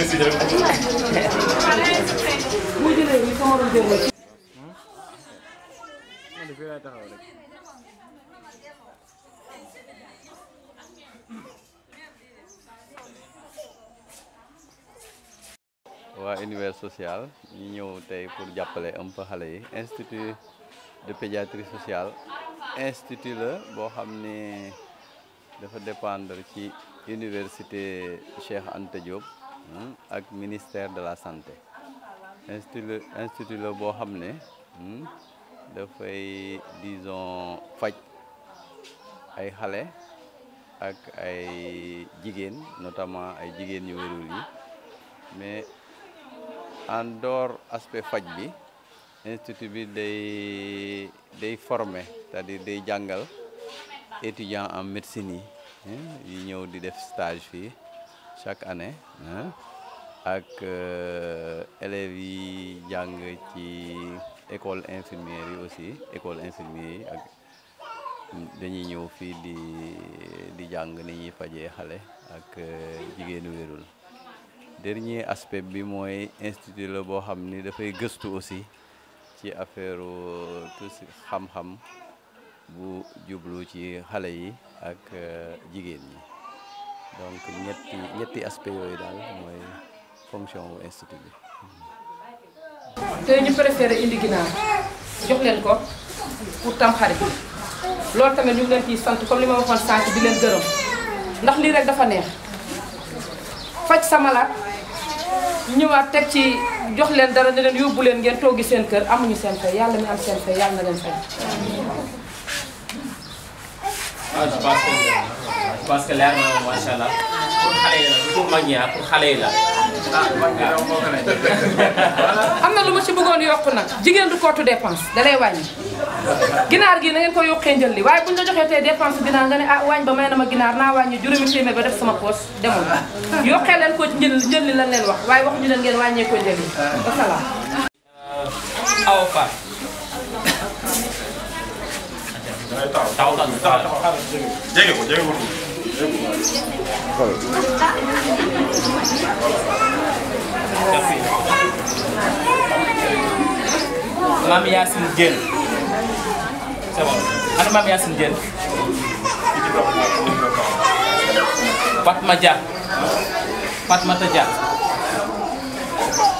président. waa univers social ñu ñëw tey pour jàppale un peu xale institut de pédiatrie sociale institut le boo xam ne dafa dépendre ci université Cheikh Anta Diop le hmm, ministère de la santé institut institut la boo fait ne hmm, disons faj ay et ak ay notamment ay jigen qui sont yi mais en dehors aspect l'aspect bi institut bi de day former c'est-à-dire étudiants en médecine Ils ont hmm, ñëw di def stage chaque année ak euh, élèves yi jàng ci école infirmière yi aussi école infirmière ak dañuy ñëw di di jàng ni ñuy fajee xale ak euh, jigéenu wérul dernier aspect bi institut la ni dafay gëstu aussi ci affaire tout xam-xam bu jublu ci xale yi ak euh, jigéen ñi donc ñetti ñetti aspect yooyu daal mooy fonction wu institut bi. tey ñu préféré indi ginaar jox leen ko pour tamxarit loolu tamit ñu ngi leen ciy sant comme li ma waxoon sànq di leen gërëm ndax lii rek dafa neex faj sama laat ñëwaat teg ci jox leen dara ne leen yóbbu leen ngeen toogi seen kër amuñu seen fay yàlla mi am seen fay yàlla na leen fay. ah je pense que je pense que leer na moom xale yi la pour mag ñi pour ah, am na lu ma ci bëggoon yokk nag jigéen du kootu dépense da lay wàññi ginaar gi na ngeen ko yokkee njël li waaye bu la joxee tey dépense ginaar nga ne ah waañ ba may na ma ginaar naa wàññi juróomi téeméer ba def sama poos demul yokkee leen ko njël njël lan leen wax waaye waxuñu leen ngeen wàññee ko njël yi wasalaam aw fa day taw taw taw taw xaaral jege ko jege ko tuuti.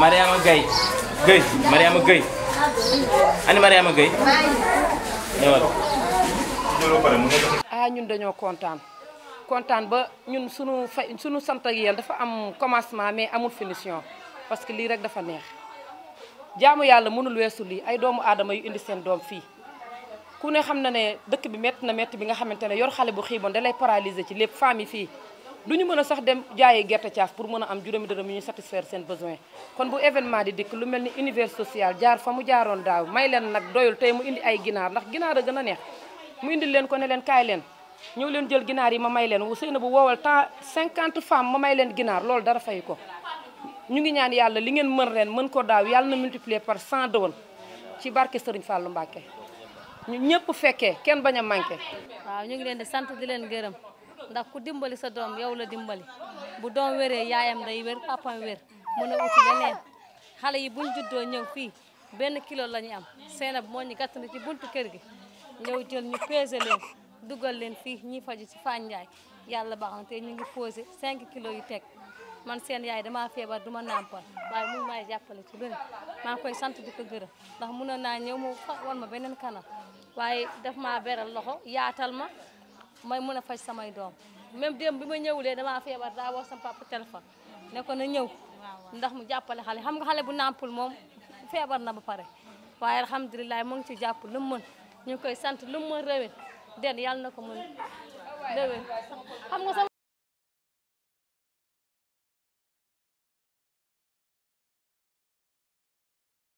Mariama Mariama ani Mariama ñëwal ah ñun dañoo contane. Contane ba ñun suñu suñu sant ak dafa am commencement mais amul finition parce que li rek dafa neex jaamu Yalla mënul li ay doomu adama yu indi seen doom fi. ku ne xam na ne dëkk bi na bi nga yor xalé bu xibon da paralyser ci famille du ñu mën a sax dem jaayee gerte caaf pour mën a am juróomi dërëm yu ñu satisfaire seen besoin kon bu événement di dikk lu mel ni univers social jaar fa mu jaaroon daaw may leen nag doyul tey mu indi ay ginaar ndax ginaara a gën a neex mu indi leen ko ne leen kaay leen ñëw leen jël ginaar yi ma may leen sëy na bu woowal temps 50 femmes ma may leen ginaar loolu dara fay ko ñu ngi ñaan yàlla li ngeen mën ren mën ko daaw yàlla na multiplier par 100 dëwan ci barke Serigne Fallou Mbacke ñu ñëpp fekkee kenn bañ a manqué waaw ñu ngi leen sant di leen gërëm ndax ku dimbali sa doom yow la dimbali bu doom wéree yaayam day wér papam wér mën a uti leneen xale yi buñ juddoo ñëw fii benn kilo la ñu am seenab moo ñu gàtt na ci buntu kër gi ñëw jël ñu leen dugal leen fii ñi faju ci Fandiaye yàlla baax na te ñu ngi posé 5 kilos yu teg man seen yaay damaa feebar duma nàmpal waaye mu may jàppale ci bëri maa ngi koy sant di ko gërëm ndax mënoon naa ñëw mu wan ma beneen kanam waaye daf maa beral loxo yaatal may mën a faj samay doom même démb bi ma ñëwulee damaa feebar daa wax sama papa téléphone ne ko na ñëw ndax mu jàppale xale xam nga xale bu nàmpul moom feebar na ba pare waaye alhamdulilah mu ngi ci jàpp lu mu ñu ngi koy sant lu mu mën réwén den yàlla na ko mën réwén xam